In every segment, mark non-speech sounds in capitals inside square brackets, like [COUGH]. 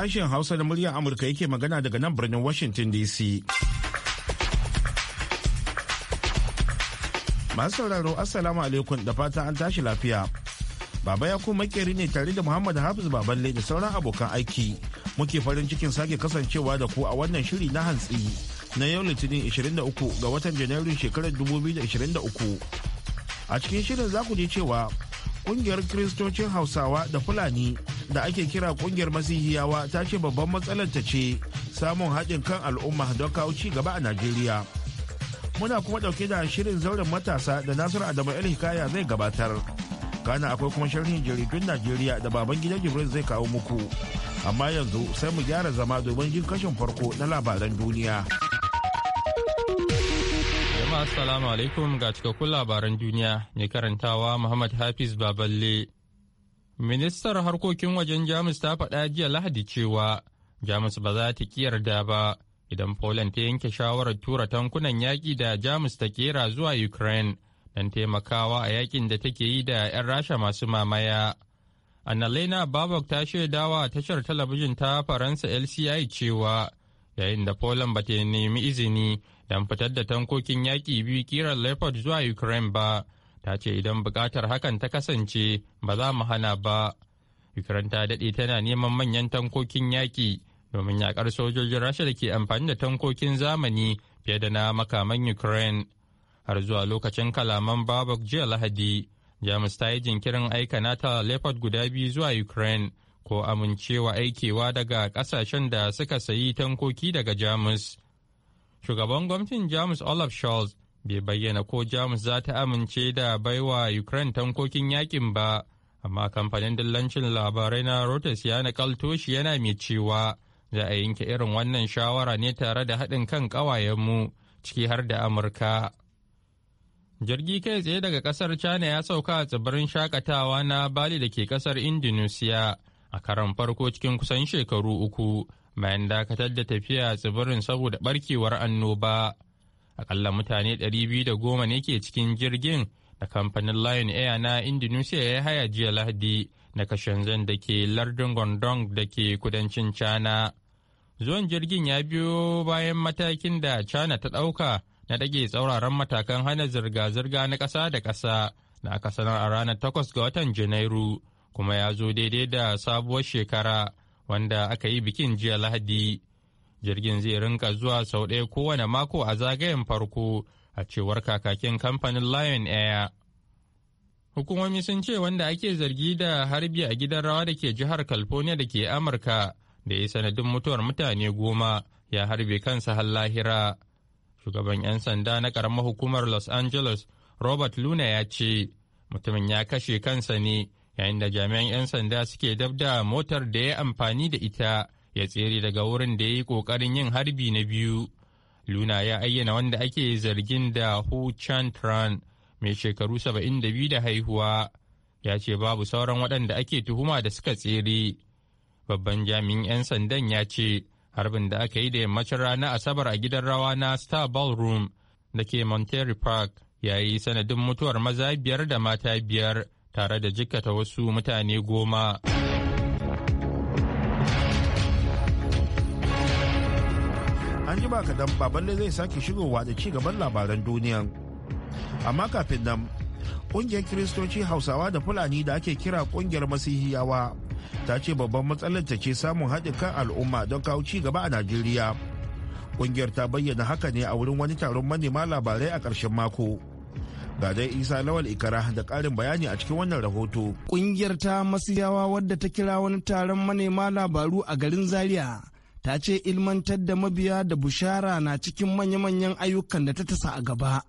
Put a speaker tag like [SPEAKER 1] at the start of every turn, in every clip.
[SPEAKER 1] Sashen Hausa da muryar Amurka yake magana daga nan birnin Washington DC. Masu sauraro Assalamu alaikum da fata an tashi lafiya. Baba ya kuma makeri ne tare da Muhammad Hafiz Baballe da sauran abokan aiki. Muke farin cikin sake kasancewa da ku a wannan shiri na hantsi na yau Litinin 23 ga watan Janairun shekarar 2023. A cikin shirin za ku je cewa kungiyar kiristocin hausawa da fulani da ake kira kungiyar masihiyawa ta ce babban matsalar ta ce samun haɗin kan al'umma don kawo ci gaba a najeriya muna kuma ɗauke da shirin zauren matasa da nasiru adamu el hikaya zai gabatar kana akwai kuma sharhin jaridun najeriya da baban gida jibril zai kawo muku amma yanzu sai mu gyara zama domin jin kashin farko na labaran duniya.
[SPEAKER 2] Jama'a assalamu alaikum ga cikakkun labaran duniya ne karantawa Muhammad Hafiz Baballe. Ministar harkokin wajen Jamus ta faɗa jiya Lahadi cewa Jamus ba za ta ƙi yarda ba idan Poland ta yanke shawarar tura tankunan yaƙi da Jamus ta ƙera zuwa Ukraine don taimakawa a yakin da take yi da 'yan Rasha masu mamaya. Annalena Babok ta shaidawa tashar talabijin ta Faransa LCI cewa yayin da Poland ba ta nemi izini don fitar da tankokin yaƙi biyu kiran Leopard zuwa Ukraine ba, ta ce idan buƙatar hakan ta kasance ba za mu hana ba. Ukraine ta daɗe tana neman manyan tankokin yaƙi domin yaƙar sojojin Rasha da ke amfani da tankokin zamani fiye da na makaman Ukraine. Har zuwa lokacin kalaman Babak jiya Lahadi, Jamus ta yi jinkirin aika nata Leopard guda biyu zuwa Ukraine ko amincewa aikewa daga ƙasashen da suka sayi tankoki daga Jamus. shugaban gwamnatin jamus olaf scholz bai bayyana ko jamus za ta amince da baiwa ukraine tankokin yakin ba amma kamfanin dillancin labarai na reuters ya nakalto shi yana mai cewa za a yanke irin wannan shawara ne tare da haɗin kan ƙawayenmu ciki har da amurka jirgi kai tsaye daga ƙasar china ya sauka a tsibirin shakatawa na bali da ke ƙasar indonesia a karan farko cikin kusan shekaru uku bayan dakatar da tafiya tsibirin saboda barkewar annoba akalla mutane 210 ne ke cikin jirgin da kamfanin lion air na indonesia ya haya jiya lahadi na zan da ke lardin gondong da ke kudancin china zuwan jirgin ya biyo bayan matakin da china ta ɗauka na ɗage tsauraran matakan hana zirga-zirga na ƙasa da ƙasa na aka sanar a ranar 8 ga watan janairu kuma ya zo daidai da sabuwar shekara wanda aka yi bikin jiya Lahadi. Jirgin zai rinka zuwa sau ɗaya kowane mako a zagayen farko a cewar kakakin kamfanin Lion Air. Hukumomi sun ce wanda ake zargi da harbi a gidan rawa da ke jihar California da ke Amurka da ya sanadin mutuwar mutane goma ya harbe kansa har lahira. Shugaban 'yan sanda na karamar hukumar Los Angeles Robert Luna ya ce, mutumin ya kashe kansa ne yayin da jami'an 'yan sanda suke dab da motar da ya amfani da ita ya tsere daga wurin da ya yi kokarin yin harbi na biyu. Luna ya ayyana wanda ake zargin da Hu tran mai shekaru 72 da haihuwa ya ce babu sauran waɗanda ake tuhuma da suka tsere. Babban jami'in 'yan sandan ya ce harbin da aka yi da yammacin rana Asabar a gidan rawa na Star Ballroom da ke Monterey Park ya yi sanadin mutuwar maza biyar da mata biyar tare da jikkata wasu mutane goma. An ji ba
[SPEAKER 1] kadan baballe zai sake shigowa da ci gaban labaran duniya. Amma kafin nan, ƙungiyar Kiristoci Hausawa da Fulani da ake kira ƙungiyar Masihiyawa ta ce babban matsalar ta ce samun haɗin kan al'umma don kawo ci gaba a Najeriya. Ƙungiyar ta bayyana haka ne a wurin wani taron manema labarai a ƙarshen mako. Ga dai Isa Lawal Ikara da ƙarin bayani a cikin wannan rahoto.
[SPEAKER 3] Ƙungiyar ta Masiyawa wadda ta kira wani taron manema labaru a garin Zaria ta ce ilmantar da mabiya da bushara na cikin manya-manyan ayyukan da ta tasa a gaba.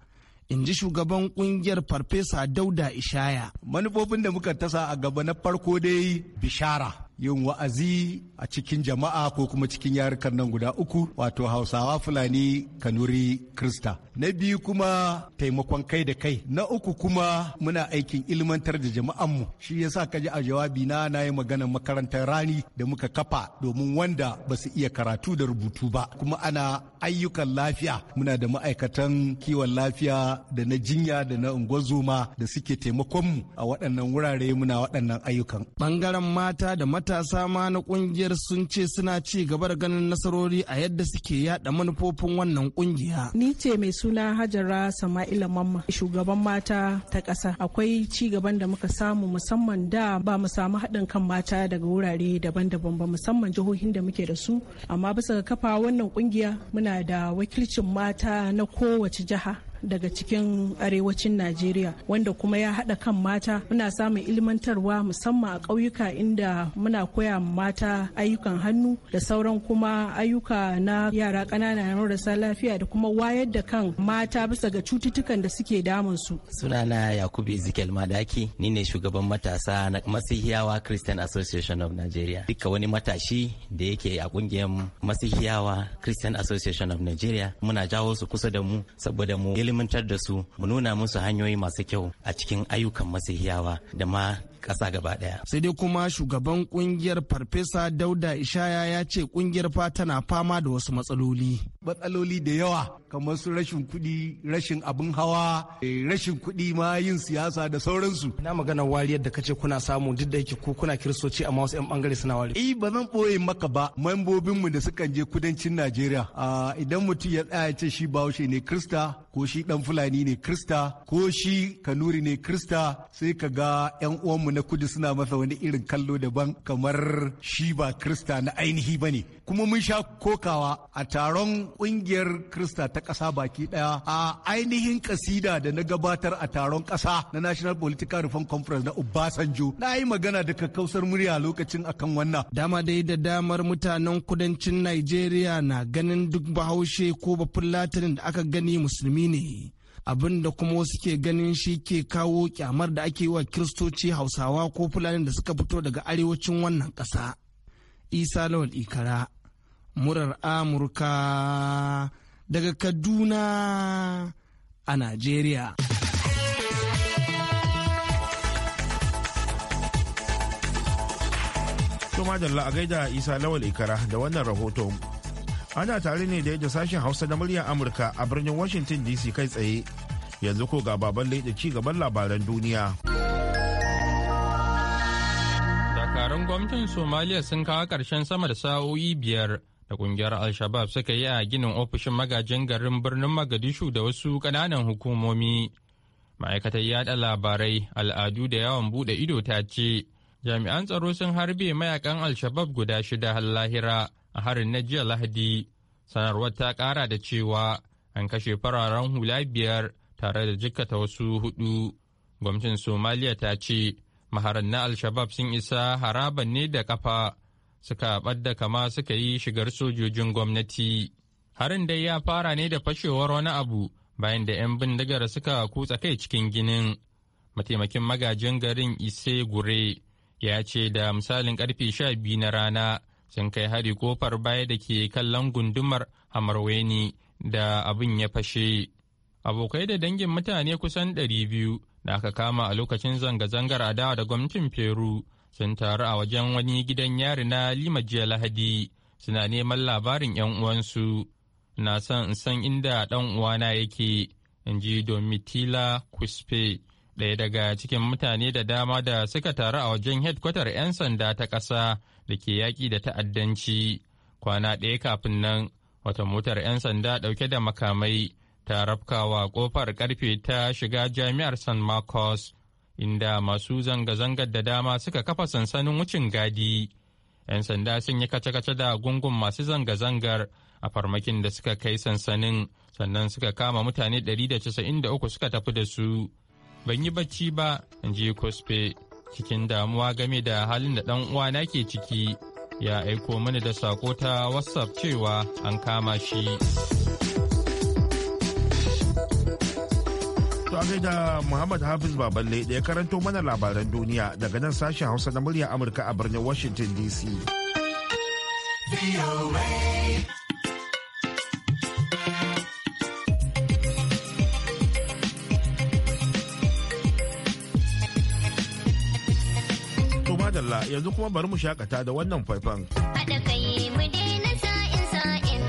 [SPEAKER 3] in ji shugaban kungiyar farfesa dauda ishaya manufofin da muka tasa a gaba na farko dai bishara
[SPEAKER 4] yin wa'azi a cikin jama'a ko kuma cikin yarukan nan guda uku wato hausawa fulani kanuri krista na biyu kuma taimakon kai da kai na uku kuma muna aikin ilmantar da jama'anmu shi ya sa kaji a jawabi na na yi maganar makarantar rani da muka kafa domin wanda ba su iya karatu da rubutu ba kuma ana ayyukan lafiya muna da ma'aikatan kiwon lafiya da na jinya da na unguwar da suke taimakonmu a waɗannan wurare muna waɗannan ayyukan
[SPEAKER 3] ɓangaren mata da mata matasa ma na kungiyar sun ce suna ci gaba da ganin nasarori a yadda suke yada manufofin wannan kungiya.
[SPEAKER 5] Ni ce mai suna Hajara Sama'ila Mamma shugaban mata ta ƙasa. Akwai ci gaban da muka samu musamman da ba mu samu haɗin kan mata daga wurare daban-daban ba musamman jihohin da muke da su. Amma bisa ga kafa wannan kungiya muna da wakilcin mata na kowace jiha daga cikin arewacin najeriya wanda kuma ya haɗa kan mata muna samun ilmantarwa musamman a ƙauyuka inda muna koya mata ayyukan hannu da sauran kuma ayyuka na yara ƙanana marasa lafiya da kuma wayar da kan mata bisa ga cututtukan da suke damun su
[SPEAKER 3] sunana
[SPEAKER 2] yakubu ezekiel madaki ni ne shugaban matasa na masihiyawa christian association of nigeria duka wani matashi da yake a kungiyar masihiyawa christian association of nigeria muna jawo su kusa da mu saboda mu ilimantar da su mu nuna musu hanyoyi masu kyau
[SPEAKER 5] a cikin ayyukan masihiyawa da ma kasa gaba daya.
[SPEAKER 3] Sai dai kuma shugaban ƙungiyar Farfesa Dauda Ishaya ya ce ƙungiyar fa tana fama da wasu matsaloli. Matsaloli da yawa kamar su rashin kuɗi, rashin abin hawa, eh, rashin kuɗi ma yin
[SPEAKER 4] siyasa da sauransu. Na maganar wariyar da kace kuna samu duk da yake ku kuna kiristoci amma wasu 'yan bangare suna wari. Eh ba zan ɓoye maka ba membobinmu da sukan je kudancin Najeriya idan mutum ya tsaya ce shi bahaushe ne Krista ko shi ɗan Fulani ne Krista ko shi Kanuri ne Krista sai ka ga 'yan uwanmu na kudu suna masa wani irin kallo daban kamar shi ba krista na ainihi ba ne kuma mun sha kokawa a taron kungiyar krista ta ƙasa baki ɗaya a ainihin kasida da na gabatar a taron ƙasa
[SPEAKER 3] na national political reform conference na obasanjo na yi magana da kakkausar murya lokacin akan wannan dama dai da damar mutanen kudancin nigeria na ganin duk bahaushe ko bafin latinin da aka gani musulmi ne abin da kuma wasu ke ganin shi ke kawo kyamar da ake yi wa kiristoci hausawa ko fulani da suka fito daga arewacin wannan ƙasa isa lawal ikara murar amurka daga kaduna a najeriya
[SPEAKER 1] Kuma da a gaida Isa Lawal Ikara da wannan rahoton ana tare ne da yadda sashen hausa na muryar amurka a birnin washington dc kai tsaye yanzu ko ga baban laida ci gaban
[SPEAKER 2] labaran duniya dakarun gwamnatin somaliya sun kawo karshen sama da sa'o'i biyar da kungiyar al-shabab suka yi a ginin ofishin magajin garin birnin magadishu da wasu kananan hukumomi ma'aikatar yada labarai al'adu da yawon bude ido ta ce jami'an tsaro sun harbe mayakan al-shabab guda shida har lahira a harin na jiya Lahadi. Sanarwar ta kara da cewa an kashe fararen hula biyar tare da jikkata wasu hudu. Gwamnatin Somaliya ta ce maharan na Al-Shabab sun isa haraban ne da kafa suka ɓadda kama suka yi shigar sojojin gwamnati. Harin dai ya fara ne da fashewar wani abu bayan da 'yan bindigar suka kutsa kai cikin ginin. Mataimakin magajin garin Ise Gure ya ce da misalin karfe sha biyu na rana sun kai hari kofar baya da ke kallon gundumar hamarweni da abin ya fashe abokai da dangin mutane kusan 200 da aka kama a lokacin zanga-zangar adawa da gwamnatin peru sun taru a wajen wani gidan yari na lima jiya lahadi suna neman labarin 'yan uwansu na son in san inda ɗan uwana yake in ji domitila kuspe ɗaya daga cikin mutane da dama da suka taru a wajen hedkwatar 'yan sanda ta ƙasa da ke yaƙi da ta'addanci kwana ɗaya kafin nan wata motar 'yan sanda ɗauke da makamai ta rafkawa ƙofar ƙarfe ta shiga jami'ar san marcos inda masu zanga-zangar da dama suka kafa sansanin wucin gadi 'yan sanda sun yi kace-kace da gungun masu zanga-zangar a farmakin da suka kai sansanin sannan suka kama mutane 193 suka tafi da su ban yi bacci ba in ji kuspe cikin damuwa game da halin da ɗan uwana ke ciki ya aiko mini da sako ta whatsapp cewa an kama shi
[SPEAKER 1] To da Muhammad Hafiz Baballe da ya karanto mana labaran duniya daga nan sashen Hausa na murya Amurka a birnin Washington DC. Allah yanzu kuma bari mu shakata da wannan faifan.
[SPEAKER 6] Haɗa kai mu daina sa'in sa'in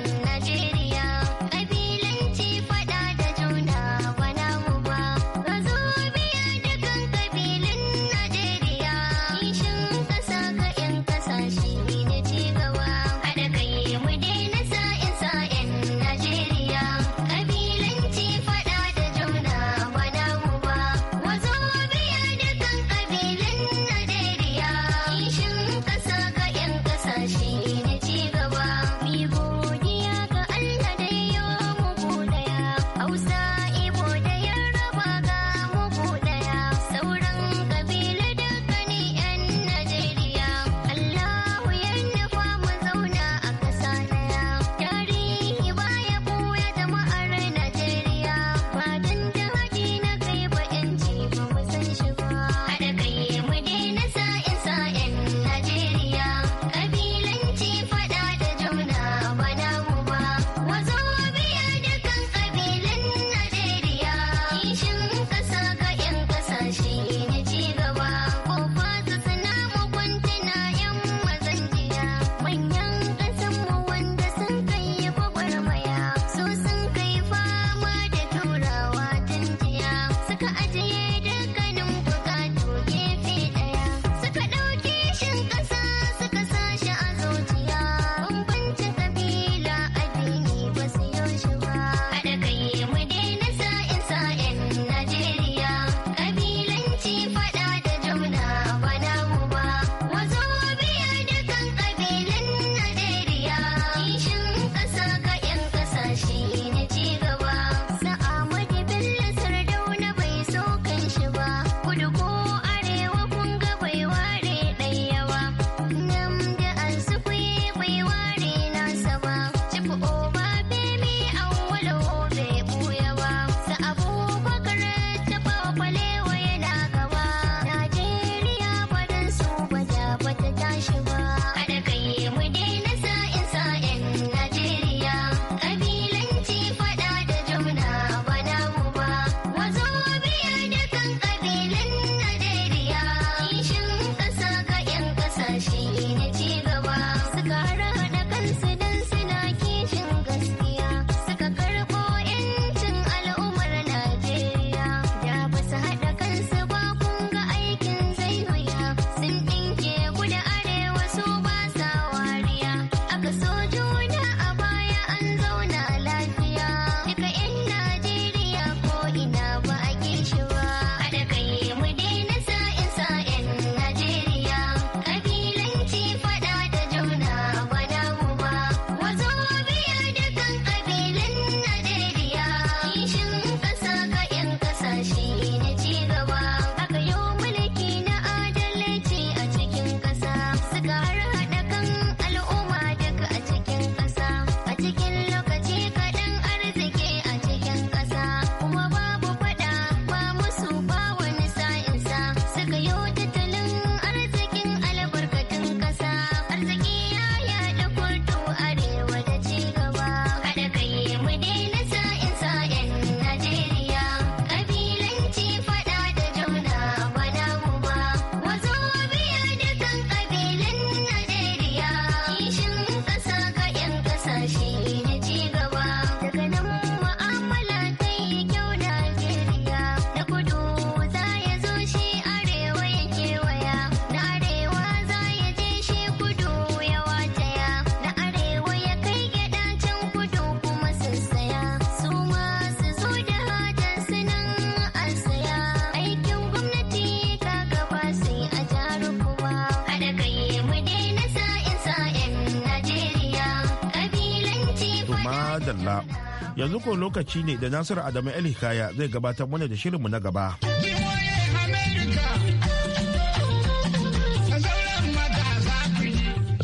[SPEAKER 1] Allah. Yanzu ko lokaci ne da Nasiru Adamu Elhikaya zai gabatar mana da shirinmu na gaba.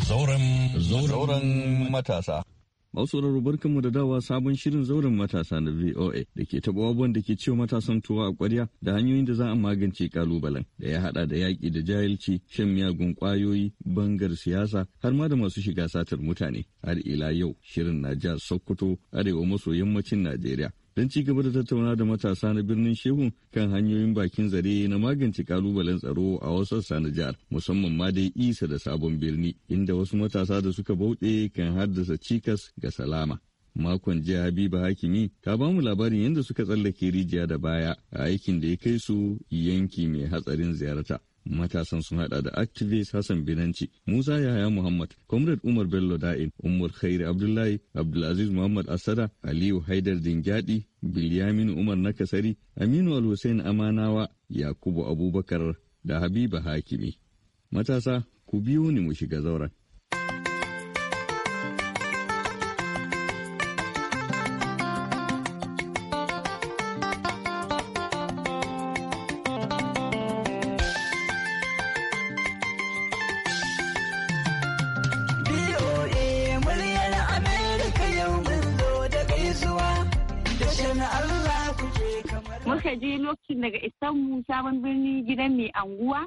[SPEAKER 7] Zauren matasa. Masu rubarkan mu da dawa sabon shirin zauren matasa na VOA da ke taɓa abubuwan da ke cewa matasan tuwa a ƙwarya da hanyoyin da za a magance ƙalubalen da ya haɗa da yaƙi da jahilci, shan miyagun ƙwayoyi, bangar siyasa har ma da masu shiga satar mutane. Har ila yau shirin na jihar Sokoto, arewa maso yammacin Najeriya don ci gaba da tattauna da matasa na birnin Shehu kan hanyoyin bakin zare na magance kalubalen tsaro a wasu sassa na jihar musamman ma dai isa da sabon birni inda wasu matasa da suka bauɗe kan haddasa cikas ga salama. Makon jiya Habiba Hakimi ta ba mu labarin yadda suka tsallake rijiya da baya a aikin da ya kai su yanki mai hatsarin ziyarta. matasan sun hada da activist hassan binanci musa yahaya muhammad comrade umar bello da'in umar khairi abdullahi abdulaziz muhammad asada aliyu haidar dingyadi bilyamin umar nakasari aminu alhussein amanawa yakubu abubakar da habiba hakimi matasa ku biyo ni mu shiga zauren
[SPEAKER 8] anguwa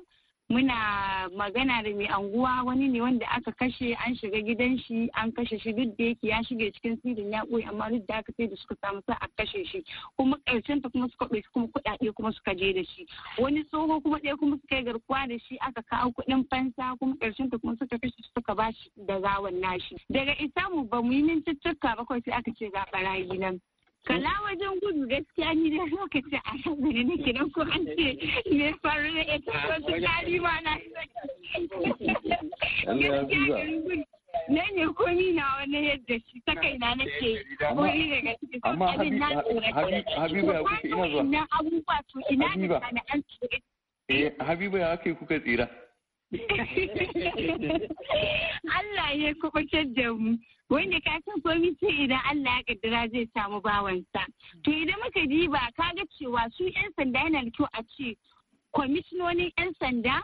[SPEAKER 8] muna magana da mai anguwa wani ne wanda aka kashe an shiga gidan shi an kashe shi duk da yake ya shige cikin sirrin ya ɓoye amma duk da aka sai da suka samu sa a kashe shi kuma karshen ta kuma suka ɗauki kuma kuɗaɗe kuma suka je da shi wani tsoho kuma ɗaya kuma suka yi garkuwa da shi aka kawo kuɗin fansa kuma karshen ta kuma suka kashe suka ba shi da gawan nashi daga isamu ba mu yi mintuttuka ba kawai sai aka ce ga ɓarayi nan Kala wajen gudu gaskiya ni da lokacin a rasa ne na kiran ko an ce me faru da ita ko su kari ma na na ne komi na wani yadda shi ta kai na nake buri daga cikin amma habiba ya kuke ina zuwa na abubuwa to ina ne na an
[SPEAKER 7] eh habiba ya kai kuka tsira
[SPEAKER 8] [LAUGHS] Allah ya kubutar da mu wanda ka san komi sai idan Allah ya kaddara zai samu bawansa. To idan muka diba kaga cewa su 'yan sanda yana da kyau a ce kwamishinonin 'yan sanda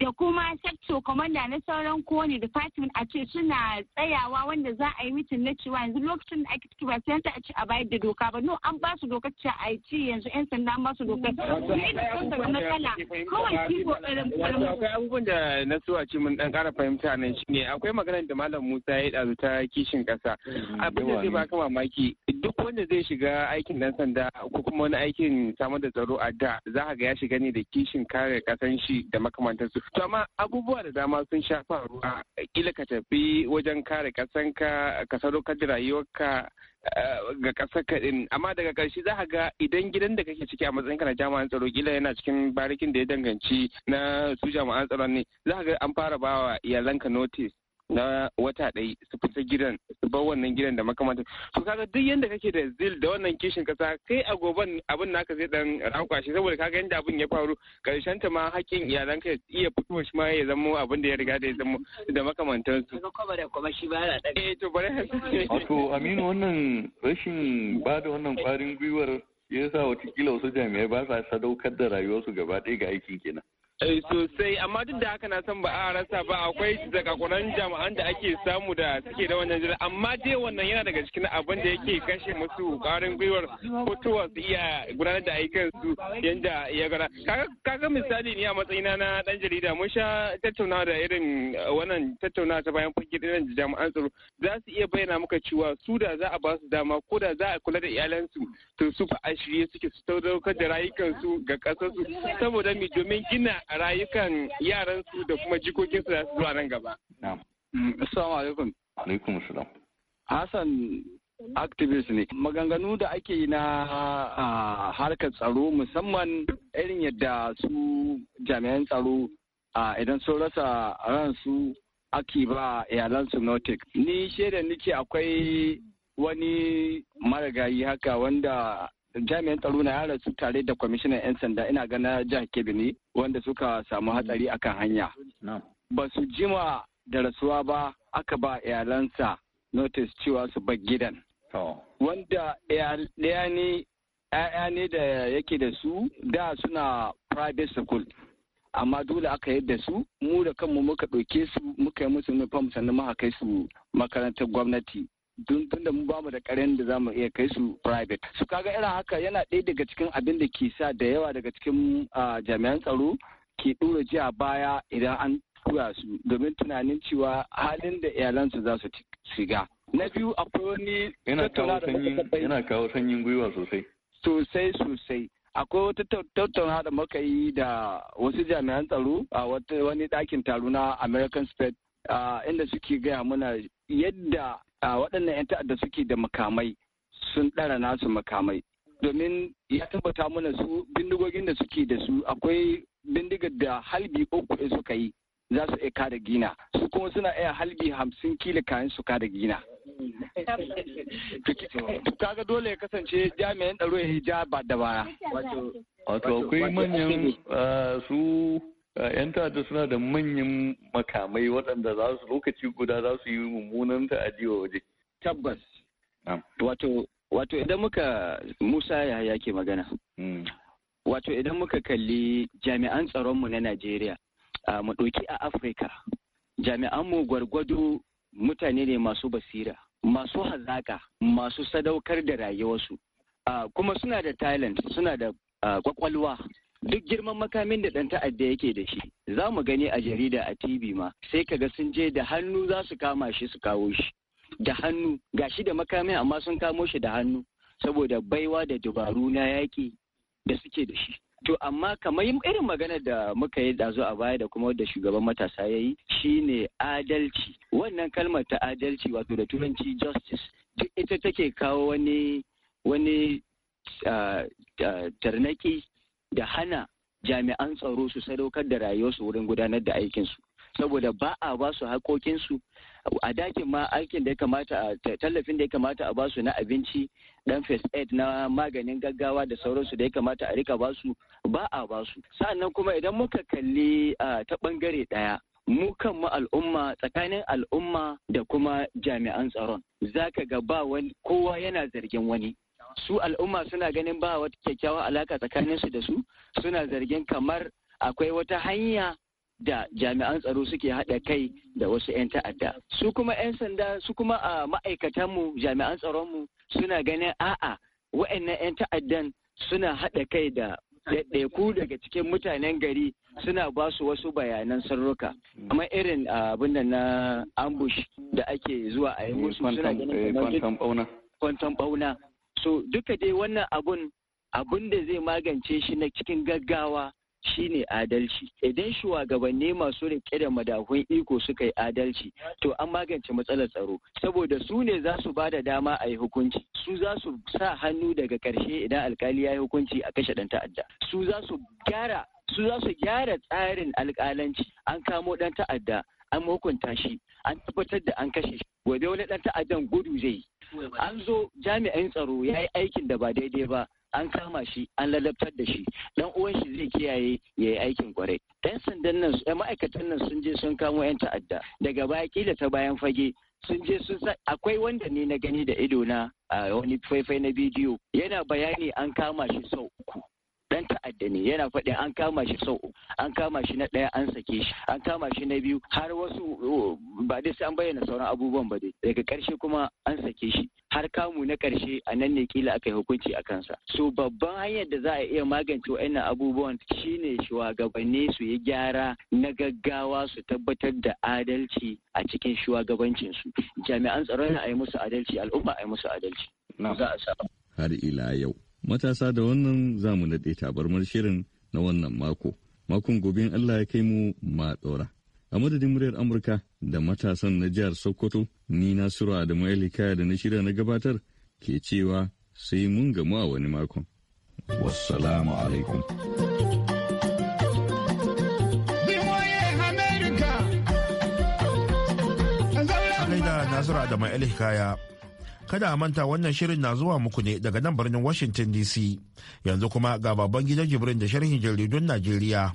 [SPEAKER 8] da kuma sector commander na sauran kowane department a ce suna tsayawa wanda za a yi mitin na cewa yanzu lokacin da ake ciki ba sai ta ci a bayar da doka ba no an ba su dokar ce a ci yanzu yan sanda an ba su dokar ne da sun na matsala kawai ki ko akwai
[SPEAKER 9] abubuwan da na so a ce mun dan kara fahimta nan shine akwai maganar da malam Musa ya dazu ta kishin kasa mm-hmm. abin da zai baka mamaki duk wanda zai shiga aikin dan sanda ko kuma wani aikin samar da tsaro a da za ka ga ya shiga ne da kishin kare kasan shi da makamantansu To amma abubuwa da dama sun sha faruwa kila ka tafi wajen kare kasanka ka sadaukar rayuwarka eh, ga ƙasar kaɗin amma daga ƙarshe za ga idan gidan da kake ciki a matsayin kana jami'an tsaro kila yana cikin barikin da ya danganci na su jami'an tsaro ne za ga an fara bawa iyalanka notice na wata ɗaya su fita gidan su bar wannan gidan da makamantar to kaga duk yanda kake da zil da wannan kishin kasa kai a goban abin naka zai dan rankwashe saboda kaga yanda abin ya faru karshen ta ma hakkin iyalan ka iya fito shi ma ya zama abin da ya riga da ya zama da makamantar su eh to bare [LAUGHS] to Aminu
[SPEAKER 7] wannan rashin ba da wannan kwarin gwiwar yasa kila wasu jami'ai ba sa sadaukar da rayuwarsu gaba ɗaya ga aikin kenan
[SPEAKER 9] Eh, sosai amma duk da haka na san ba a rasa ba akwai zakakunan jama'an da ake samu da suke da wannan jira amma dai wannan yana daga cikin abin da yake kashe musu karin gwiwar fitowar su iya gudanar da aikin su yanda ya gara kaga misali ne a matsayina na dan jarida mun sha tattaunawa da irin eh, wannan tattaunawa ta bayan fage irin jami'an tsaro za su iya bayyana maka cewa su da za a ba su dama ko da za a kula da iyalansu to su fa a shirye suke su taudaukar da rayukansu ga kasarsu saboda mi domin gina rayukan yaransu da kuma jikokinsu da su zuwa nan gaba.
[SPEAKER 7] Mm, assalamu alaikum. Alaikum salam.
[SPEAKER 10] Hassan activist ne maganganu da ake yi na harkar tsaro musamman irin yadda su jami'an tsaro idan sun rasa ransu ake ba iyalansu notic ni shaidar nake akwai wani marigayi haka wanda jami'an tsaro na yara su tare da kwamishinan 'yan sanda ina gana jihar kebini ne wanda suka samu hatsari akan hanya ba su jima da rasuwa ba aka ba iyalansa notice cewa su bar gidan wanda ɗaya ne ‘ya'ya ne da yake da su da suna private school amma dole aka yadda su mu da kanmu muka ɗauke su muka yi musu nufan sannan muka kai su makarantar gwamnati don tunda mu bamu da karen da zamu iya kai su private su kaga irin haka yana ɗaya daga cikin abin da ke sa da yawa daga cikin jami'an tsaro ke ɗora jiya baya idan an tura su domin tunanin cewa halin da iyalansu za su shiga na biyu akwai wani yana kawo sanyin gwiwa sosai sosai sosai akwai wata tattauna da muka yi da wasu jami'an tsaro a wani ɗakin taro na american state inda suke gaya muna yadda waɗannan 'yan ta'adda suke da makamai sun ɗara nasu makamai domin ya tabbata mana su bindigogin da suke da su akwai bindigar da halbi uku suka yi za su iya kada gina su kuma suna iya halbi hamsin kila kayan su kada gina kaga dole ya
[SPEAKER 7] kasance jami'an ɗaro ya hija ba da baya wato akwai manyan su 'yan ta'adda suna da manyan makamai waɗanda za su lokaci guda za su yi mummunan ta'adi wa waje. Tabbas. Wato idan
[SPEAKER 11] muka Musa ya yake magana. Hmm. Wato idan muka kalli jami'an tsaronmu na Najeriya mu a Afirka. jami'an mu gwargwado mutane ne masu basira, masu hazaƙa, masu sadaukar da rayuwarsu. Kuma suna da talent, suna da kwakwalwa duk girman makamin da ɗan ta'adda yake da shi za mu gani a jarida a tv ma sai kaga sun je da hannu za su kama shi su kawo shi da hannu Ga shi da makamin amma sun kamo shi da hannu saboda baiwa da dabaru na yaƙi da suke da shi to amma kamar irin magana da muka yi ɗazu a baya da kuma wadda shugaban matasa ya yi shine adalci wannan kalmar ta adalci wato da turanci justice duk ita take kawo wani wani ah, ah, tarnaki da hana jami'an tsaro su sadaukar da rayuwarsu wurin gudanar da aikinsu saboda ba a ba su haƙoƙinsu a dakin ma aikin da ya kamata tallafin da ya kamata a basu na abinci dan first aid na maganin gaggawa da sauransu da ya kamata a rika basu ba a basu sa'annan kuma idan muka kalli ta bangare ɗaya, mu kanmu al'umma tsakanin al'umma da kuma jami'an tsaron zaka ga ba wani kowa yana zargin wani su al'umma suna ganin ba wata kyakkyawan alaka tsakaninsu da su suna zargin kamar akwai wata hanya da jami'an tsaro suke haɗa kai da wasu 'yan ta'adda su kuma 'yan sanda su kuma a ma'aikatanmu jami'an tsaronmu suna ganin a'a wa'annan 'yan ta'addan suna haɗa kai da ɗaiɗaiku daga cikin mutanen gari suna ba su wasu bayanan sarruka amma irin abin da na ambush da ake zuwa a yi musu suna ganin eh, kwanton ɓauna eh, so duka dai wannan abun abun da zai magance shi na cikin gaggawa shine adalci idan shugabanni masu rike da madahun iko suka yi adalci to an magance matsalar tsaro saboda su ne za su ba da dama a yi hukunci su za su sa hannu daga karshe idan alkali ya yi hukunci a kashe dan ta'adda su za su gyara su za su gyara tsarin alkalanci an kamo ɗan ta'adda an hukunta shi an tabbatar da an kashe shi gobe wani ɗan ta'addan gudu zai yi. an zo jami'an tsaro ya yi aikin da ba daidai ba an kama shi an lalabtar da shi dan uwan shi zai kiyaye ya yi aikin kwarai dan sandan nan ma'aikatan nan sun je sun kamo yan ta'adda daga baya kila ta bayan fage sun je sun sa akwai wanda ne na gani da ido na a wani faifai na bidiyo yana bayani an kama shi sau uku dan ta'adda ne yana faɗin an kama shi sau an kama shi na ɗaya an sake shi an kama shi na biyu har wasu oh, ba dai sai an bayyana sauran abubuwan ba dai daga ƙarshe kuma an sake shi har kamu na ƙarshe a nan ne kila aka yi hukunci a kansa so babban hanyar da za a iya magance wa'annan abubuwan shine shugabanni su yi gyara na gaggawa su tabbatar da adalci a cikin shugabancinsu jami'an tsaron na a yi musu adalci al'umma a yi musu adalci za a samu
[SPEAKER 7] har ila yau Matasa da wannan zamu mu naɗe tabarmar shirin na wannan mako. Makon gobe Allah ya kai mu ma ɗora. A madadin muryar Amurka da matasan na jihar Sokoto, ni na sura da kaya da na shirya na gabatar ke cewa sai mun gamu a wani makon. Wassalamu alaikum.
[SPEAKER 6] Gaida Nasiru
[SPEAKER 1] da ma'aikaya. kada a manta wannan shirin na zuwa muku ne daga nan birnin washington dc yanzu kuma ga babban gidan jibrin da sharhin jaridun najeriya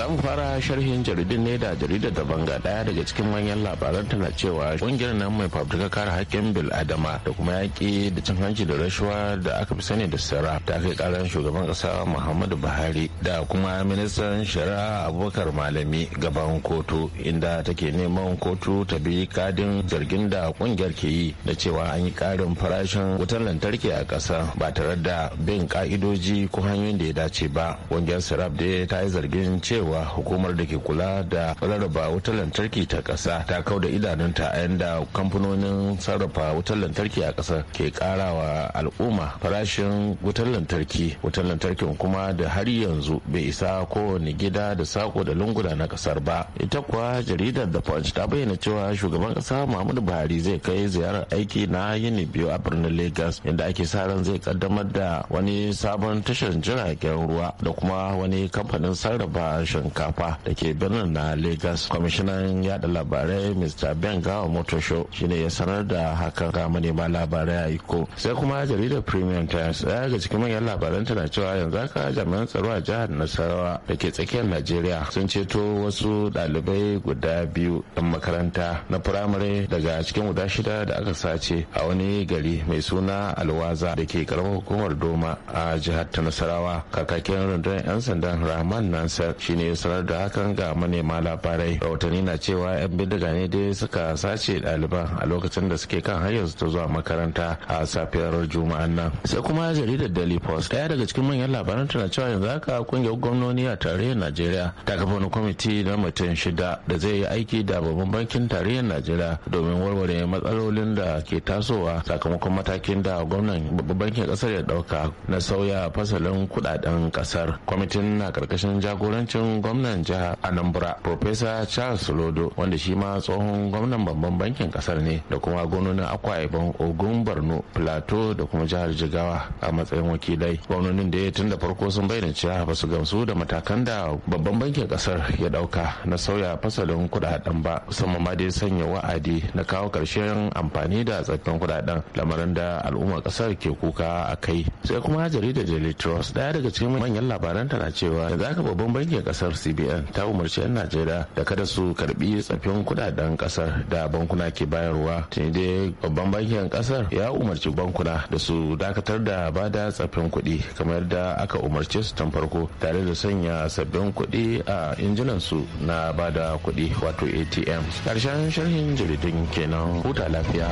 [SPEAKER 5] za mu fara sharhin jaridin ne da jaridar da banga daya daga cikin manyan labaran tana cewa kungiyar nan mai fafutuka kare hakkin bil adama da kuma yaƙi da cin hanci da rashuwa da aka fi sani da sara ta kai karan shugaban ƙasa muhammadu buhari da kuma ministan shari'a abubakar malami gaban kotu inda take neman kotu ta bi kadin zargin da kungiyar ke yi da cewa an yi karin farashin wutar lantarki a ƙasa ba tare da bin ka'idoji ko hanyoyin da ya dace ba kungiyar sarab da ta yi zargin cewa cewa hukumar da ke kula da rarraba wutar lantarki ta ƙasa ta kau da idanunta a yanda kamfanonin sarrafa wutar lantarki a ƙasar ke karawa al'umma farashin wutar lantarki wutar lantarkin kuma da har yanzu bai isa kowane gida da sako da lunguna na ƙasar ba ita kuwa jaridar da punch ta bayyana cewa shugaban ƙasa muhammadu buhari zai kai ziyarar aiki na yini biyu a birnin lagos inda ake sa ran zai kaddamar da wani sabon tashar jiragen ruwa da kuma wani kamfanin sarrafa shinkafa da ke birnin na Lagos. Kwamishinan yada labarai Mr. Ben Gawa Motosho shine ya sanar da hakan ga manema labarai a Iko. Sai kuma jaridar Premium Times daya ga cikin manyan labaran tana cewa yanzu aka jami'an tsaro a jihar Nasarawa da ke tsakiyar nigeria sun ceto wasu ɗalibai guda biyu 'yan makaranta na firamare daga cikin guda shida da aka sace a wani gari mai suna Alwaza da ke karamar hukumar Doma a jihar ta Nasarawa. Kakakin rundunar 'yan sandan Rahman Nansar shine ne sanar da hakan ga manema labarai rahotanni na cewa yan bindiga ne dai suka sace ɗaliban a lokacin da suke kan hanyar su ta zuwa makaranta a safiyar juma'an nan sai kuma jaridar daily post ɗaya daga cikin manyan labaran tana cewa yanzu haka kungiyar gwamnoni a tarayyar najeriya ta kafa wani kwamiti na mutum shida da zai yi aiki da babban bankin tarayyar najeriya domin warware matsalolin da ke tasowa sakamakon matakin da gwamnan babban bankin kasar ya dauka na sauya fasalin kudaden kasar kwamitin na karkashin jagorancin gwamnan jihar anambra professor charles lodo wanda shi ma tsohon gwamnan babban bankin kasar ne da kuma gwamnonin akwa ibom ogun borno plateau da kuma jihar jigawa a matsayin wakilai gwamnonin da ya tun da farko sun bayyana cewa ba su gamsu da matakan da babban bankin kasar ya dauka na sauya fasalin kudaden ba musamman ma dai sanya wa'adi na kawo karshen amfani da tsakkan kudaden lamarin da al'ummar kasar ke kuka a kai sai kuma jaridar daily trust daya daga cikin manyan labaran na cewa yanzu aka babban bankin kasar kasar cbn ta umarci 'yan najeriya da kada su karbi tsafin kudaden kasar da bankuna ke bayarwa tuni dai babban bankin kasar ya umarci bankuna da su dakatar da bada tsafin kudi kamar da aka umarce su tun farko tare da sanya sabbin kudi a injinan su na bada kudi wato atm karshen
[SPEAKER 1] sharhin jaridun kenan huta lafiya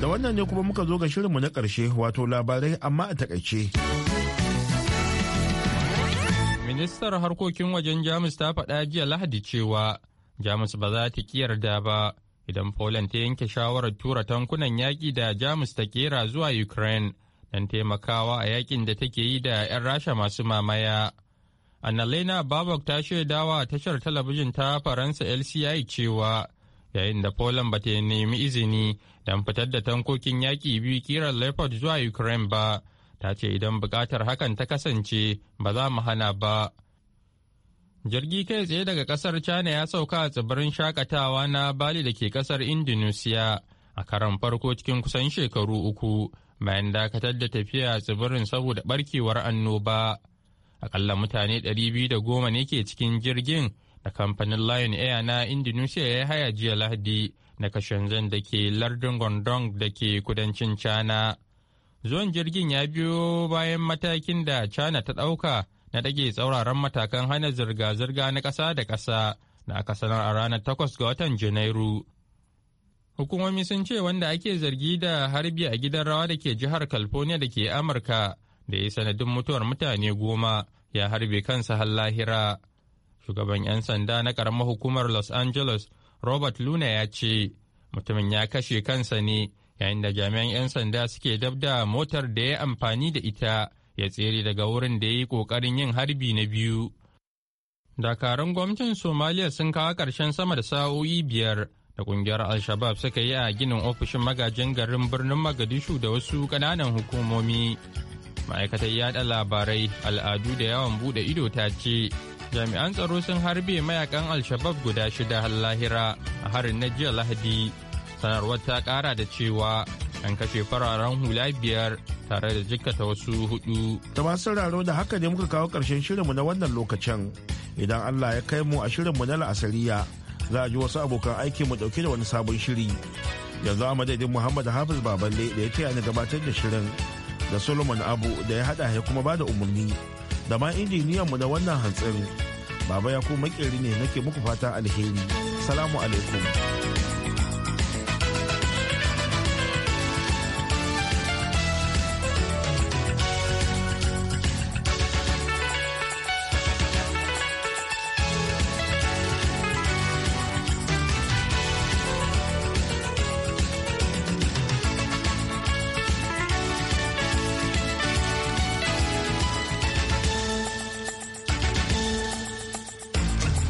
[SPEAKER 1] da wannan ne kuma muka zo ga shirinmu na ƙarshe wato labarai amma a takaice.
[SPEAKER 2] Ministar harkokin wajen Jamus ta faɗa jiya Lahadi cewa Jamus ba za ta yarda ba idan Poland ta yanke shawarar tura tankunan yaƙi da Jamus ta ƙera zuwa Ukraine don taimakawa a yakin da take yi da 'yan Rasha masu mamaya. Annalena Babok ta shaidawa tashar talabijin ta Faransa LCI cewa yayin da Poland ba ta nemi izini don fitar da tankokin yaƙi biyu kiran Leopard zuwa Ukraine ba, ta ce idan buƙatar hakan ta kasance ba za mu hana ba jirgi kai tsaye daga ƙasar china ya sauka a tsibirin shakatawa na bali da ke ƙasar indonesia a karan farko cikin kusan shekaru uku bayan dakatar da tafiya a tsibirin saboda barkewar annoba akalla mutane 210 ne ke cikin jirgin da kamfanin lion air na indonesia ya haya jiya lahadi na kashen zan da ke lardin gondong da ke kudancin china zuwan jirgin ya biyo bayan matakin da china ta ɗauka na ɗage tsauraran matakan hana zirga-zirga na ƙasa da ƙasa da aka sanar a ranar 8 ga watan janairu hukumomi sun ce wanda ake zargi da harbi a gidan rawa da ke jihar california da ke amurka da ya sanadin mutuwar mutane goma ya harbe kansa har lahira shugaban 'yan sanda na karamar hukumar los angeles robert luna ya ce mutumin ya kashe kansa ne yayin da jami'an 'yan sanda suke dab da motar da ya amfani da ita ya tsere daga wurin da ya yi kokarin yin harbi na biyu. Dakarun gwamnatin Somaliya sun kawo ƙarshen sama da sa'o'i biyar da ƙungiyar Al-Shabab suka yi a ginin ofishin magajin garin birnin Magadishu da wasu ƙananan hukumomi. Ma'aikatar yaɗa labarai, al'adu da yawan buɗe ido ta ce, jami'an tsaro sun harbe mayakan Al-Shabab guda shida har lahira a harin na jiya Lahadi. sanarwar ta kara da cewa an kashe fararen hula biyar tare da jikkata wasu hudu.
[SPEAKER 1] ta masu sauraro da haka ne muka kawo ƙarshen shirinmu na wannan lokacin. Idan Allah ya kai mu a shirinmu na la'asariya za a ji wasu abokan aiki mu ɗauke da wani sabon shiri. Yanzu a madadin Muhammad Hafiz Baballe da ya taya ni gabatar da shirin da Solomon Abu da ya haɗa ya kuma ba da umarni da ma injiniyan mu na wannan hantsin. Baba ya ko makeri ne nake muku fata alheri. Salamu alaikum.